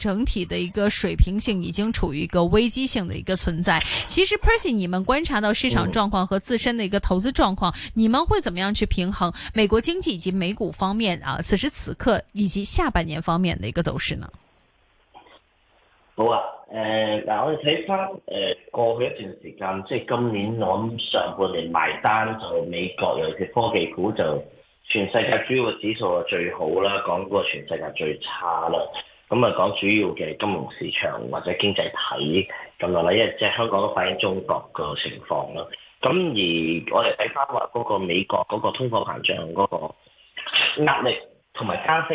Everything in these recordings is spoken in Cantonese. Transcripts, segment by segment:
整體的一個水平性已經處於一個危機性的一個存在。其實 Percy 你們觀察到市場狀況和自身的一個投資狀況，你們會怎麼樣去平衡美國經濟以及美股方面啊？此時此刻以及下半年方面的一個走勢呢？好啊，誒、呃，嗱，我哋睇翻誒，過去一段時間，即係今年我咁上半年埋單就是，美國，有隻科技股，就全世界主要指數啊最好啦，講過全世界最差啦。咁啊，講主要嘅金融市場或者經濟體咁落嚟，因為即係香港都反映中國個情況啦。咁而我哋睇翻話嗰個美國嗰個通貨膨脹嗰個壓力同埋加息，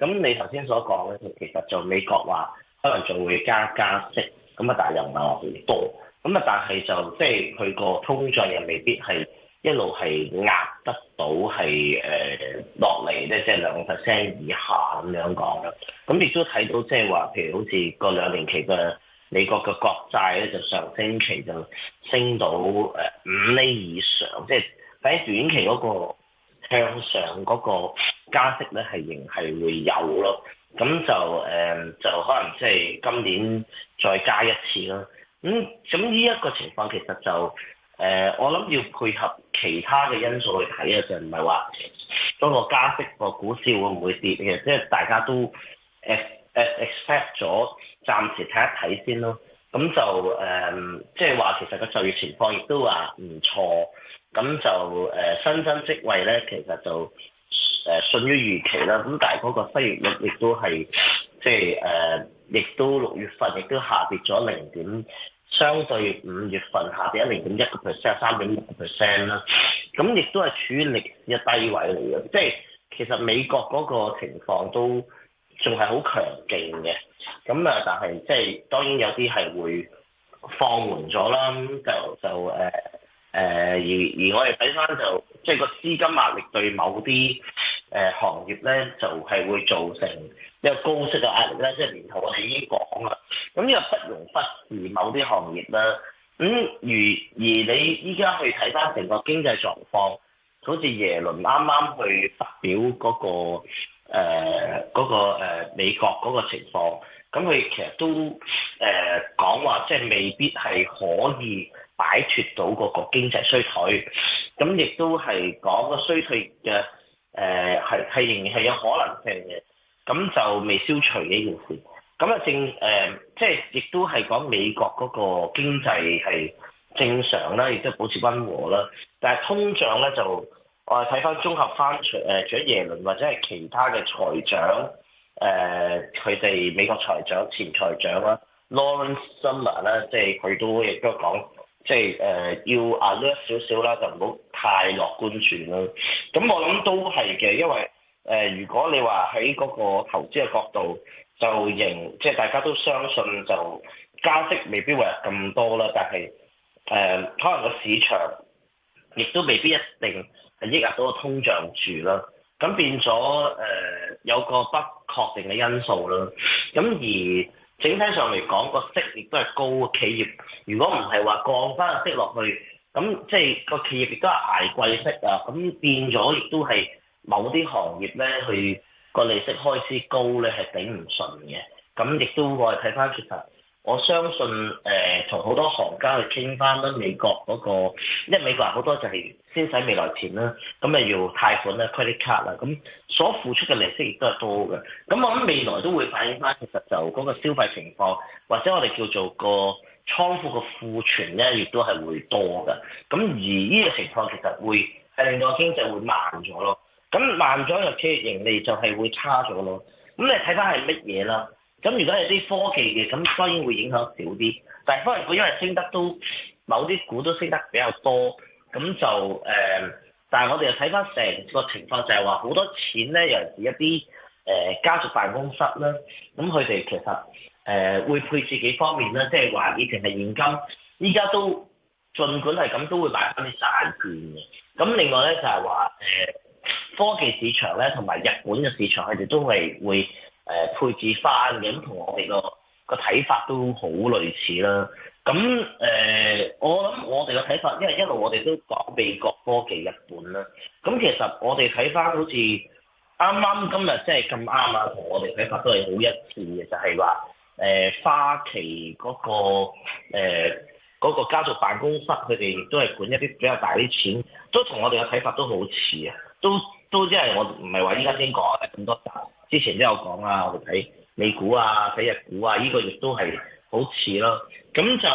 咁你頭先所講咧，其實就美國話可能仲會加加息，咁啊，但係又唔係話好多，咁啊，但係就即係佢個通脹又未必係。一路係壓得到係呃落嚟咧，即係兩個 percent 以下咁樣講啦。咁亦都睇到即係話，譬如好似個兩年期嘅美國嘅國債咧，就上星期就升到呃五厘以上，即係喺短期嗰個向上嗰個加息咧，係仍係會有咯。咁就、呃、就可能即係今年再加一次咯。咁咁呢一個情況其實就～誒、呃，我諗要配合其他嘅因素去睇啊，就唔係話嗰個加息個股市會唔會跌嘅？即係大家都誒誒 expect 咗，暫時睇一睇先咯。咁就誒，即係話其實個就業情況亦都話唔錯。咁就誒、呃、新增職位咧，其實就誒順於預期啦。咁但係嗰個失業率亦、就是呃、都係即係誒，亦都六月份亦都下跌咗零點。相對五月份下跌一零點一個 percent，三點五 percent 啦。咁亦都係處於歷史嘅低位嚟嘅，即係其實美國嗰個情況都仲係好強勁嘅。咁啊，但係即係當然有啲係會放緩咗啦。咁就就誒誒、呃，而而我哋睇返就即係個資金壓力對某啲。誒行業咧就係、是、會造成一個高息嘅壓力咧，即係年頭我哋已經講啦。咁呢個不容忽視某啲行業啦。咁、嗯、如而，而你依家去睇翻成個經濟狀況，好似耶倫啱啱去發表嗰、那個誒嗰、呃那個呃、美國嗰個情況，咁佢其實都誒、呃、講話，即係未必係可以擺脫到嗰個經濟衰退。咁亦都係講個衰退嘅。誒係係仍然係有可能性嘅，咁就未消除呢件事。咁啊正誒、呃，即係亦都係講美國嗰個經濟係正常啦，亦都保持溫和啦。但係通脹咧就我哋睇翻綜合翻，除誒除咗耶倫或者係其他嘅財長，誒佢哋美國財長前財長啦，Lawrence Summers 啦，即係佢都亦都講。即係誒、呃、要壓弱少少啦，就唔好太樂觀住啦。咁我諗都係嘅，因為誒、呃、如果你話喺嗰個投資嘅角度，就仍即係大家都相信就加息未必會係咁多啦，但係誒、呃、可能個市場亦都未必一定係抑壓到個通脹住啦。咁變咗誒、呃、有個不確定嘅因素啦。咁而整體上嚟講，個息亦都係高，嘅企業如果唔係話降翻個息落去，咁即係個企業亦都係挨貴息啊。咁變咗亦都係某啲行業咧，佢個利息開始高咧係頂唔順嘅。咁亦都我哋睇翻，其實。我相信誒，同、呃、好多行家去傾翻啦，美國嗰、嗰個，因為美國人好多就係先使未來錢啦，咁誒要貸款啦、credit card 啦，咁所付出嘅利息亦都係多嘅。咁我諗未來都會反映翻，其實就嗰個消費情況，或者我哋叫做個倉庫嘅庫存咧，亦都係會多嘅。咁而呢個情況其實會係令到經濟會慢咗咯。咁慢咗就企業盈利就係會差咗咯。咁你睇翻係乜嘢啦？咁如果係啲科技嘅，咁當然會影響少啲。但係科技股因為升得都某啲股都升得比較多，咁就、呃、但係我哋又睇翻成個情況，就係話好多錢咧，尤其是一啲、呃、家族辦公室啦，咁佢哋其實、呃、會配置幾方面啦，即係話以前係現金，依家都儘管係咁，都會買翻啲債券嘅。咁另外咧就係、是、話、呃、科技市場咧，同埋日本嘅市場，佢哋都係會。會誒、呃、配置返嘅，咁同我哋個個睇法都好類似啦。咁誒、呃，我諗我哋嘅睇法，因為一路我哋都講美國科技、日本啦。咁其實我哋睇返好似啱啱今日即係咁啱啊，同我哋睇法都係好一致嘅，就係話誒花旗嗰、那個誒嗰、呃那個家族辦公室，佢哋都係管一啲比較大啲錢，都同我哋嘅睇法都好似啊。都都即係我唔係話依家先講咁多集，集之前都有講啊。我哋睇美股啊，睇日股啊，呢、這個亦都係好似咯。咁就、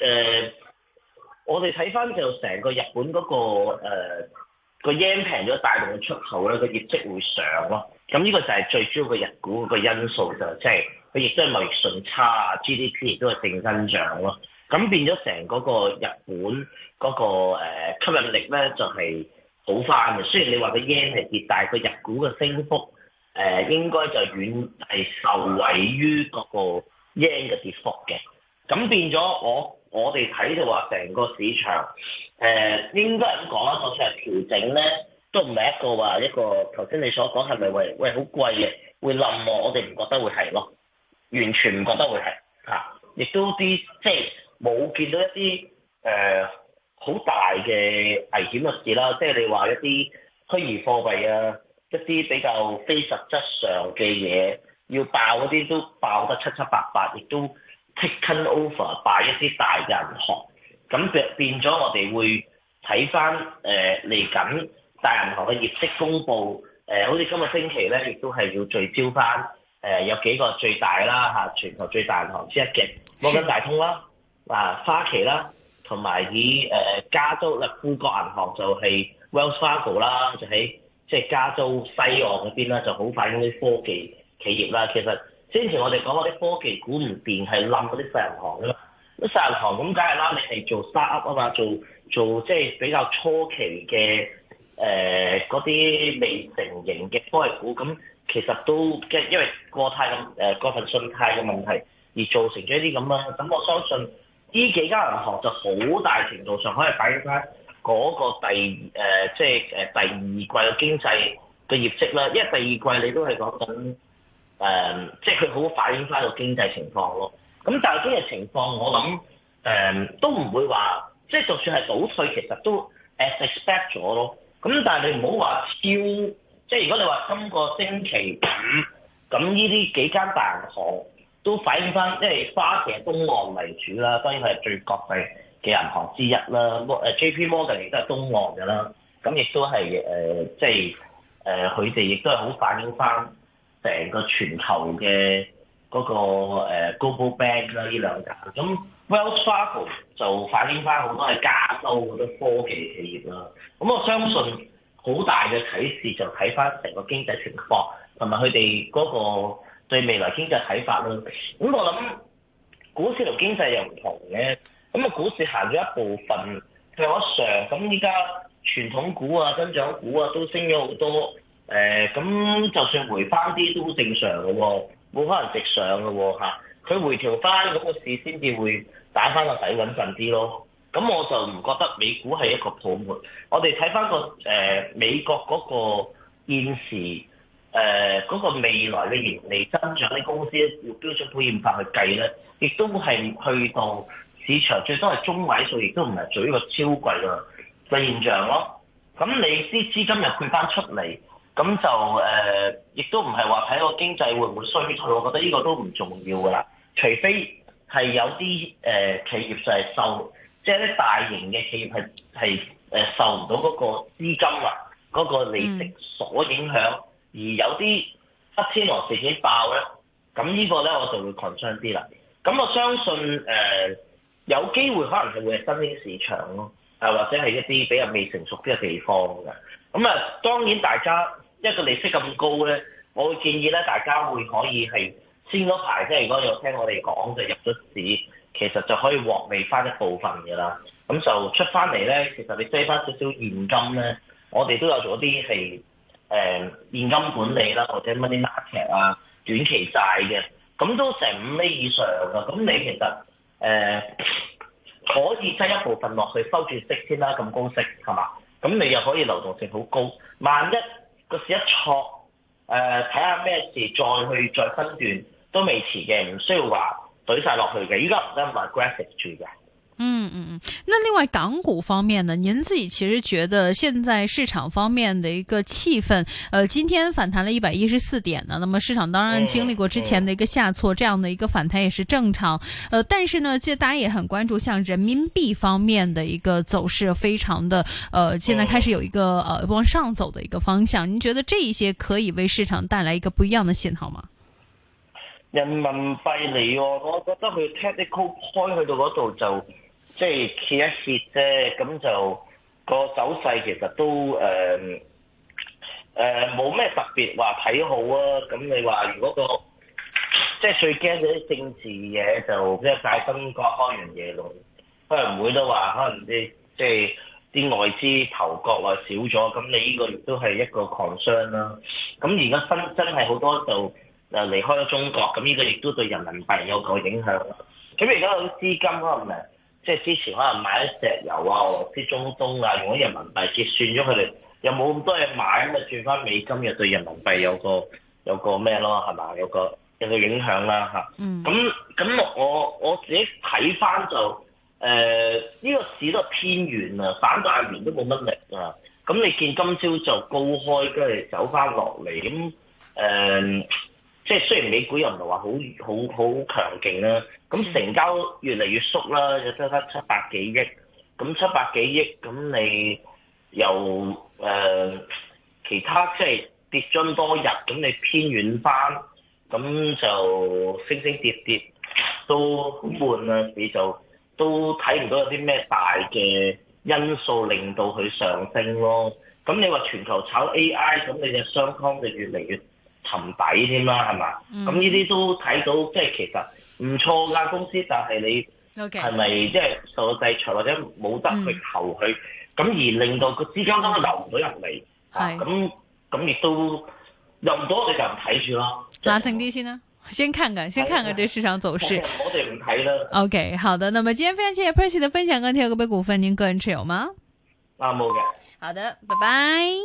呃、我哋睇翻就成個日本嗰、那個誒、呃、個 yen 平咗，大量嘅出口咧，個業績會上咯。咁呢個就係最主要嘅日股、那個因素就是、即係佢亦都係貿易順差啊，GDP 亦都係正增長咯。咁變咗成嗰個日本嗰、那個、呃、吸引力咧就係、是。好翻嘅，雖然你話個 yen 係跌，但係佢日股嘅升幅、呃，應該就遠係受惠於嗰個 yen 嘅跌幅嘅。咁變咗，我我哋睇到話成個市場，呃、應該係噉講咧？我成日調整咧，都唔係一個話一個頭先你所講係咪喂喂好貴嘅會冧喎？我哋唔覺得會係囉，完全唔覺得會係嚇，亦都啲即係冇見到一啲誒。呃好大嘅危險嘅事啦，即係你話一啲虛擬貨幣啊，一啲比較非實質上嘅嘢要爆嗰啲都爆得七七八八，亦都 taken over，畀一啲大銀行，咁變變咗我哋會睇翻誒嚟緊大銀行嘅業績公佈，誒、呃、好似今個星期咧，亦都係要聚焦翻誒、呃、有幾個最大啦嚇，全球最大銀行之一嘅摩根大通啦，啊花旗啦。同埋以誒加州咧，富國銀行就係 Wells Fargo 啦，就喺即係加州西岸嗰邊啦，就好反映啲科技企業啦。其實先前我哋講嗰啲科技股唔變係冧嗰啲細銀行噶嘛，咁細銀行咁梗係啦，你係做 start up 啊嘛，做做即係比較初期嘅誒嗰啲未成型嘅科技股，咁其實都因因為過太咁誒過份信貸嘅問題而造成咗一啲咁啊，咁我相信。呢幾間銀行就好大程度上可以反映翻嗰個第誒，即係誒第二季嘅經濟嘅業績啦。因為第二季你都係講緊誒，即係佢好反映翻個經濟情況咯。咁但係經濟情況我諗誒都唔會話，即係就算係倒退，其實都誒 expect 咗咯。咁但係你唔好話超，即係如果你話今個星期五咁呢啲幾間大銀行。都反映翻，因為花旗係東岸為主啦，當然佢係最國際嘅銀行之一啦。摩 J P Morgan 亦都係東岸㗎啦，咁亦都係即係佢哋亦都係好反映翻成個全球嘅嗰、嗰個、呃 Global、Bank 啦呢兩間。咁 Wells Fargo 就反映翻好多係加州好多科技企業啦。咁我相信好大嘅啟示就睇翻成個經濟情況同埋佢哋嗰個。對未來經濟睇法咯，咁我諗股市同經濟又唔同嘅，咁啊股市行咗一部分向一上，咁依家傳統股啊、增長股啊都升咗好多，咁、呃、就算回翻啲都正常嘅喎，冇可能直上嘅喎，佢回調翻嗰個市先至會打翻個底穩陣啲咯，咁我就唔覺得美股係一個泡沫，我哋睇翻個誒、呃、美國嗰個現時。誒嗰、呃，那個未來嘅盈利增長，啲公司要標準保險法去計咧，亦都係去到市場最多係中位數，亦都唔係做一個超貴嘅現象咯。咁你啲資金又配翻出嚟，咁就誒，亦、呃、都唔係話睇個經濟會唔會衰退，我覺得呢個都唔重要㗎喇。除非係有啲、呃、企業就係受，即係啲大型嘅企業係受唔到嗰個資金啊嗰、那個利息所影響。嗯而有啲黑天鵝事件爆咧，咁呢個咧我就會 concern 啲啦。咁我相信誒、呃、有機會可能係會係新興市場咯，啊或者係一啲比較未成熟啲嘅地方嘅。咁啊當然大家一個利息咁高咧，我會建議咧大家會可以係先咗排，即係如果有聽我哋講就入咗市，其實就可以獲利翻一部分嘅啦。咁就出翻嚟咧，其實你擠翻少少現金咧，我哋都有做啲係。誒、呃、現金管理啦，或者乜啲 market 啊、短期債嘅，咁都成五厘以上嘅。咁你其實誒、呃、可以擠一部分落去收住息先啦，咁高息係嘛？咁你又可以流動性好高。萬一個市一錯，誒睇下咩事，再去再分段都未遲嘅，唔需要話懟晒落去嘅。依家唔使話 graphic 住嘅。嗯嗯嗯，那另外港股方面呢？您自己其實覺得現在市場方面的一個氣氛，呃，今天反彈了一百一十四點呢。那麼市場當然經歷過之前的一個下挫，嗯嗯、這樣的一個反彈也是正常。呃，但是呢，這大家也很關注，像人民幣方面的一個走勢，非常的呃，現在開始有一個、嗯、呃往上走的一個方向。您覺得這一些可以為市場帶來一個不一樣的信號嗎？人民幣嚟、哦，我覺得佢踢啲高開去到嗰度就。即係揭一揭啫，咁就個走勢其實都誒誒冇咩特別話睇好啊！咁你話如果、個即係、就是、最驚嗰啲政治嘢，就即係大中國開完嘢咯，可能唔會都話可能啲即係啲外資投角啊少咗，咁你呢個亦都係一個 concern 啦。咁而家真真係好多就誒離開咗中國，咁呢個亦都對人民幣有個影響。咁而家有啲資金可能。即係之前可能買咗石油啊，俄羅斯、中東啊，用啲人民幣結算咗佢哋，又冇咁多嘢買咁啊，轉翻美金又對人民幣有個有個咩咯，係嘛？有個，什麼有，個有個影響啦嚇。咁咁、嗯、我我自己睇翻就誒呢、呃呢個市都係偏軟啊，反彈完都冇乜力啊。咁你見今朝就高開跟住走翻落嚟咁誒。呃即係雖然美股又唔係話好好好強勁啦，咁成交越嚟越縮啦，就得得七百幾億，咁七百幾億咁你又誒、呃、其他即係跌咗多日，咁你偏軟翻，咁就升升跌跌都好悶啦，你就都睇唔到有啲咩大嘅因素令到佢上升咯。咁你話全球炒 AI，咁你就商湯就越嚟越～沉底添啦，係嘛？咁呢啲都睇到，即係其實唔錯嘅公司，就係你係咪即係受到制裁或者冇得去投佢，咁、嗯、而令到個資金剛剛流都流唔到入嚟，係咁咁亦都入唔到，我哋就唔睇住咯。冷靜啲先啦，先看看，對先看看對市場走勢。我哋唔睇啦。OK，好的。那麼今天非常謝謝 Percy 的分享，跟天佑股份，您個人持有嗎？冇嘅、啊。的好的，拜拜。